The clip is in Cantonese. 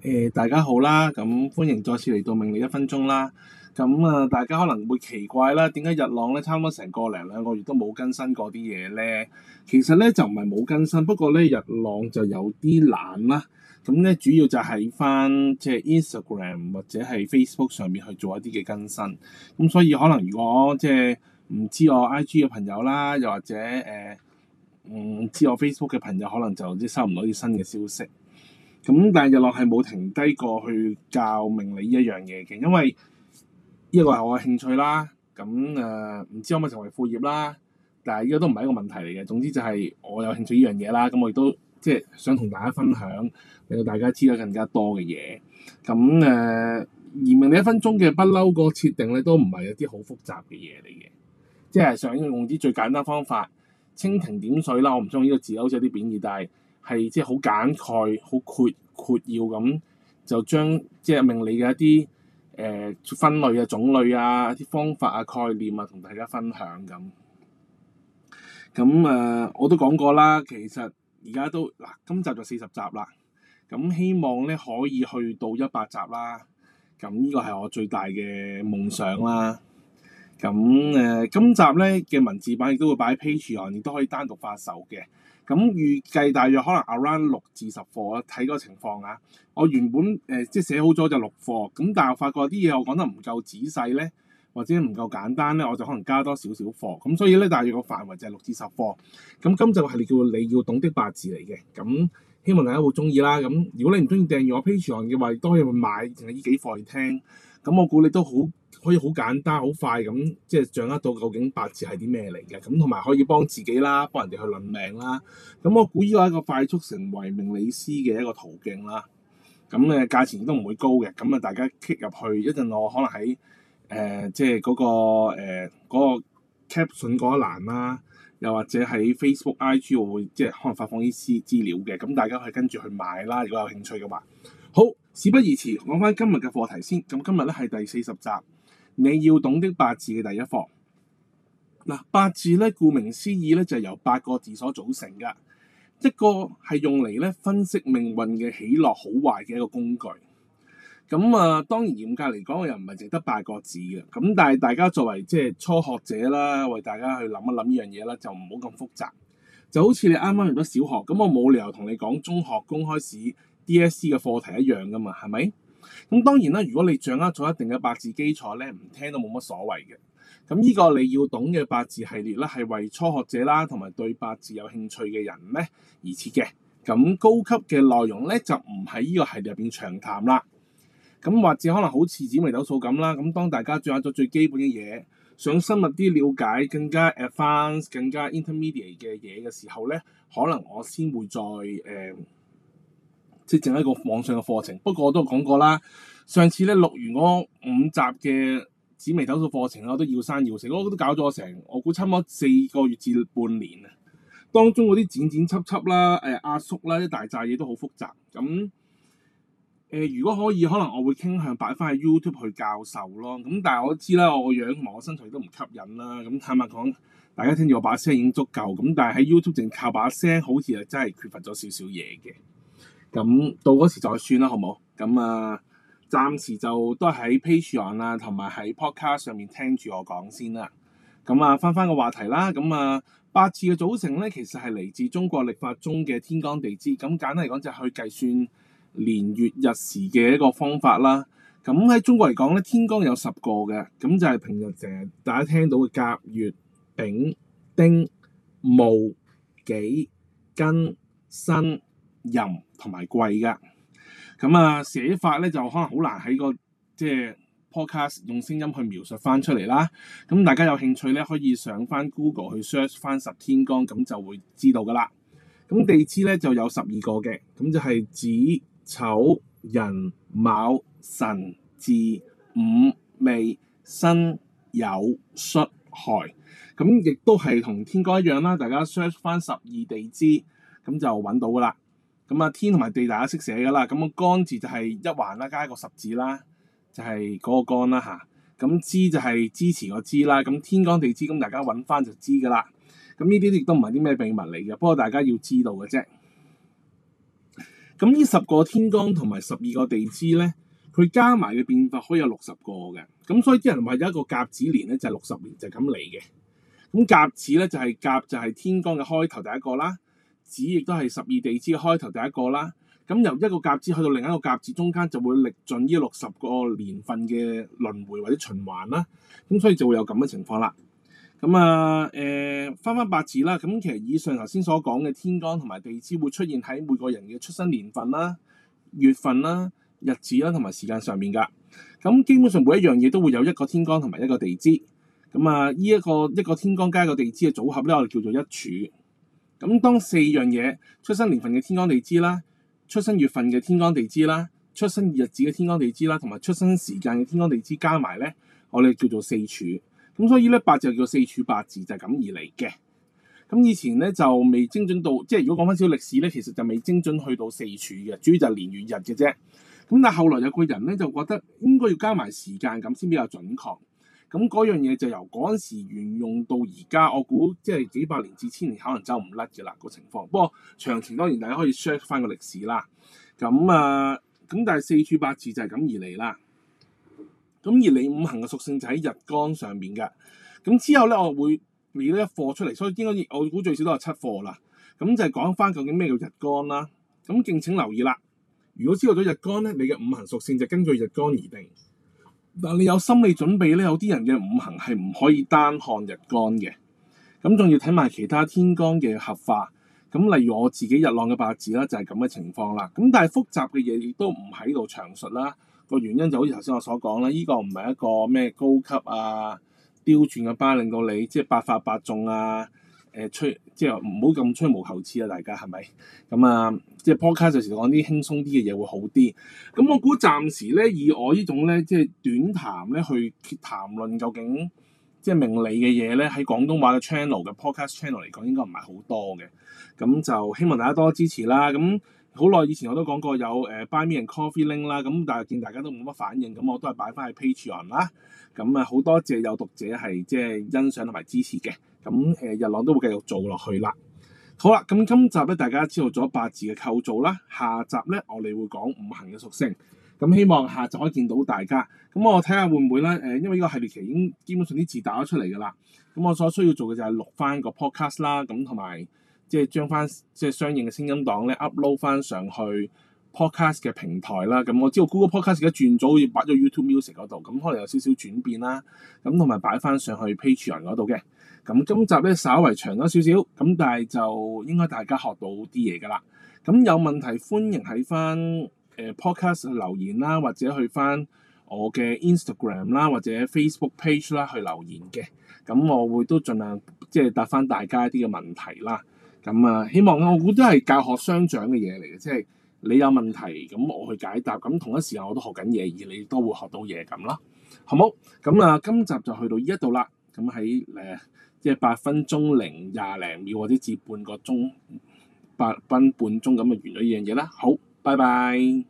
誒、呃、大家好啦，咁歡迎再次嚟到命理一分鐘啦。咁、嗯、啊，大家可能會奇怪啦，點解日浪咧差唔多成個零兩個月都冇更新過啲嘢咧？其實咧就唔係冇更新，不過咧日浪就有啲懶啦。咁、嗯、咧主要就係翻即係 Instagram 或者係 Facebook 上面去做一啲嘅更新。咁、嗯、所以可能如果即係唔知我 IG 嘅朋友啦，又或者誒唔、呃、知我 Facebook 嘅朋友，可能就啲收唔到啲新嘅消息。咁但係日落係冇停低過去教命理依一樣嘢嘅，因為呢個係我嘅興趣啦。咁誒唔知可唔可以成為副業啦？但係依個都唔係一個問題嚟嘅。總之就係我有興趣呢樣嘢啦。咁、嗯、我亦都即係、就是、想同大家分享，令到大家知道更加多嘅嘢。咁誒而命理一分鐘嘅不嬲個設定咧，都唔係一啲好複雜嘅嘢嚟嘅，即係想用啲最簡單方法蜻蜓點水啦。我唔中意呢個字啦，好似有啲貶義，但係。係即係好簡概、好括括要咁，就將即係命理嘅一啲誒、呃、分類啊、種類啊、啲方法啊、概念啊，同大家分享咁。咁誒、呃，我都講過啦，其實而家都嗱，今集就四十集啦。咁希望咧可以去到一百集啦。咁呢個係我最大嘅夢想啦。咁誒、呃，今集咧嘅文字版亦都會擺喺 page 上，亦都可以單獨發售嘅。咁預計大約可能 around 六至十課啦，睇個情況啊。我原本誒、呃、即係寫好咗就六課，咁但係發覺啲嘢我講得唔夠仔細咧，或者唔夠簡單咧，我就可能加多少少課。咁所以咧大約個範圍就係六至十課。咁今集係叫你要懂的八字嚟嘅，咁希望大家會中意啦。咁如果你唔中意訂閱我 Patreon 嘅話，都可以去買淨係呢幾課去聽。咁我估你都好，可以好簡單、好快咁，即係掌握到究竟八字係啲咩嚟嘅，咁同埋可以幫自己啦、幫人哋去論命啦。咁我估依個係一個快速成為命理師嘅一個途徑啦。咁咧價錢都唔會高嘅，咁啊，大家 kick 入去一陣，我可能喺誒、呃、即係嗰、嗰個誒、呃嗰個、caption 嗰一欄啦，又或者喺 Facebook、IG 我會即係可能發放啲資資料嘅，咁大家可以跟住去買啦。如果有興趣嘅話，好事不宜遲，講翻今日嘅課題先。咁今日咧係第四十一集。你要懂的八字嘅第一課，嗱，八字咧，顧名思義咧，就由八個字所組成嘅，一個係用嚟咧分析命運嘅起落好壞嘅一個工具。咁啊，當然嚴格嚟講，我又唔係淨得八個字嘅。咁但係大家作為即係初學者啦，為大家去諗一諗呢樣嘢啦，就唔好咁複雜。就好似你啱啱入咗小學，咁我冇理由同你講中學公開試 DSE 嘅課題一樣噶嘛，係咪？咁當然啦，如果你掌握咗一定嘅八字基礎咧，唔聽都冇乜所謂嘅。咁、這、呢個你要懂嘅八字系列咧，係為初學者啦，同埋對八字有興趣嘅人咧而設嘅。咁高級嘅內容咧，就唔喺呢個系列入邊長談啦。咁或者可能好似紫微斗數咁啦。咁當大家掌握咗最基本嘅嘢，想深入啲了解更加 advanced、更加 intermediate 嘅嘢嘅時候咧，可能我先會再誒。呃即係整一個網上嘅課程，不過我都講過啦。上次咧錄完嗰五集嘅紫微斗數課程啦，我都要生要死，我都搞咗成我估差唔多四個月至半年啊。當中嗰啲剪剪輯輯啦、誒壓縮啦、一大紮嘢都好複雜。咁、嗯、誒、呃，如果可以，可能我會傾向擺翻喺 YouTube 去教授咯。咁、嗯、但係我知啦，我個樣同埋我身材都唔吸引啦。咁、嗯、坦白講，大家聽住我把聲已經足夠。咁、嗯、但係喺 YouTube 淨靠把聲，好似又真係缺乏咗少少嘢嘅。咁到嗰時再算啦，好唔好？咁啊，暫時就都喺 Patreon 啦，同埋喺 podcast 上面聽住我講先啦。咁啊，翻翻個話題啦。咁啊，八字嘅組成咧，其實係嚟自中國歷法中嘅天干地支。咁簡單嚟講，就係去計算年月日時嘅一個方法啦。咁喺中國嚟講咧，天干有十個嘅，咁就係平日成日大家聽到嘅甲、乙、丙、丁、戊、己、庚、辛。壬同埋癸噶咁啊，寫法咧就可能好難喺個即係 podcast 用聲音去描述翻出嚟啦。咁、嗯、大家有興趣咧，可以上翻 Google 去 search 翻十天干」，咁就會知道噶啦。咁、嗯、地支咧就有十二個嘅，咁就係子、丑、寅、卯、辰、巳、午、未、申、酉、戌、亥。咁、嗯、亦都係同天干」一樣啦。大家 search 翻十二地支，咁就揾到噶啦。咁啊，天同埋地大家識寫噶啦，咁個干字就係一橫啦，加一個十字啦，就係嗰個干啦嚇。咁支就係支持個支啦，咁、啊、天干地支，咁大家揾翻就知噶啦。咁呢啲亦都唔係啲咩秘密嚟嘅，不過大家要知道嘅啫。咁呢十個天干同埋十二個地支咧，佢加埋嘅變化可以有六十個嘅。咁所以啲人話有一個甲子年咧，就係六十年，就係咁嚟嘅。咁甲子咧就係、是、甲就係天干嘅開頭第一個啦。子亦都係十二地支嘅開頭第一個啦，咁由一個甲子去到另一個甲子，中間就會歷盡呢六十個年份嘅輪迴或者循環啦，咁所以就會有咁嘅情況啦。咁、嗯、啊，誒、呃、翻翻八字啦，咁其實以上頭先所講嘅天干同埋地支會出現喺每個人嘅出生年份啦、月份啦、日子啦同埋時間上面㗎。咁基本上每一樣嘢都會有一個天干同埋一個地支，咁、嗯、啊呢一個一個天干加一個地支嘅組合咧，我哋叫做一柱。咁當四樣嘢出生年份嘅天干地支啦，出生月份嘅天干地支啦，出生日子嘅天干地支啦，同埋出生時間嘅天干地支加埋咧，我哋叫做四柱。咁所以咧，八就叫四柱八字就係咁而嚟嘅。咁以前咧就未精準到，即係如果講翻少歷史咧，其實就未精準去到四柱嘅，主要就係年月日嘅啫。咁但係後來有個人咧就覺得應該要加埋時間咁先比較準確。咁嗰樣嘢就由嗰陣時沿用到而家，我估即係幾百年至千年可能走唔甩嘅啦個情況。不過詳情當然大家可以 share 翻個歷史啦。咁啊，咁但係四柱八字就係咁而嚟啦。咁而你五行嘅屬性就喺日干上面嘅。咁之後咧，我會列呢一課出嚟，所以應該我估最少都有七課啦。咁就係講翻究竟咩叫日干啦。咁敬請留意啦。如果知道咗日干咧，你嘅五行屬性就根據日干而定。嗱，你有心理準備咧，有啲人嘅五行係唔可以單看日干嘅，咁仲要睇埋其他天干嘅合化。咁例如我自己日浪嘅八字啦，就係咁嘅情況啦。咁但係複雜嘅嘢亦都唔喺度詳述啦。個原因就好似頭先我所講啦，呢、呢個唔係一個咩高級啊刁轉嘅班令到你即係、就是、百發百中啊！誒、呃、吹即係唔好咁吹毛求疵啦，大家係咪？咁啊、嗯，即係 podcast 時講啲輕鬆啲嘅嘢會好啲。咁、嗯、我估暫時咧，以我呢種咧，即係短談咧去談論究竟即係名利嘅嘢咧，喺廣東話嘅 channel 嘅 podcast channel 嚟講，應該唔係好多嘅。咁、嗯、就希望大家多多支持啦。咁好耐以前我都講過有誒、呃、Buy Me A Coffee Link 啦，咁但係見大家都冇乜反應，咁我都係擺翻喺 Patreon 啦。咁、嗯、啊，好、嗯、多謝有讀者係即係欣賞同埋支持嘅。咁誒日朗都會繼續做落去啦。好啦，咁今集咧大家知道咗八字嘅構造啦，下集咧我哋會講五行嘅屬性。咁希望下集可以見到大家。咁我睇下會唔會咧誒，因為呢個系列其實已經基本上啲字打咗出嚟㗎啦。咁我所需要做嘅就係錄翻個 podcast 啦，咁同埋即係將翻即係相應嘅聲音檔咧 upload 翻上去。Podcast 嘅平台啦，咁、嗯、我知道 Google Podcast 而家轉咗，擺咗 YouTube Music 嗰度，咁、嗯、可能有少少轉變啦。咁同埋擺翻上去 Patreon 嗰度嘅。咁、嗯、今集咧稍為長咗少少，咁、嗯、但係就應該大家學到啲嘢㗎啦。咁、嗯、有問題歡迎喺翻誒 Podcast 留言啦，或者去翻我嘅 Instagram 啦，或者 Facebook Page 啦去留言嘅。咁、嗯、我會都盡量即係、就是、答翻大家一啲嘅問題啦。咁、嗯、啊，希望我估都係教學相長嘅嘢嚟嘅，即係。你有問題，咁我去解答。咁同一時間我都學緊嘢，而你都會學到嘢咁啦，好冇？咁啊，今集就去到呢一度啦。咁喺誒，即係八分鐘零廿零秒或者至半個鐘，八分半鐘咁啊，完咗呢樣嘢啦。好，拜拜。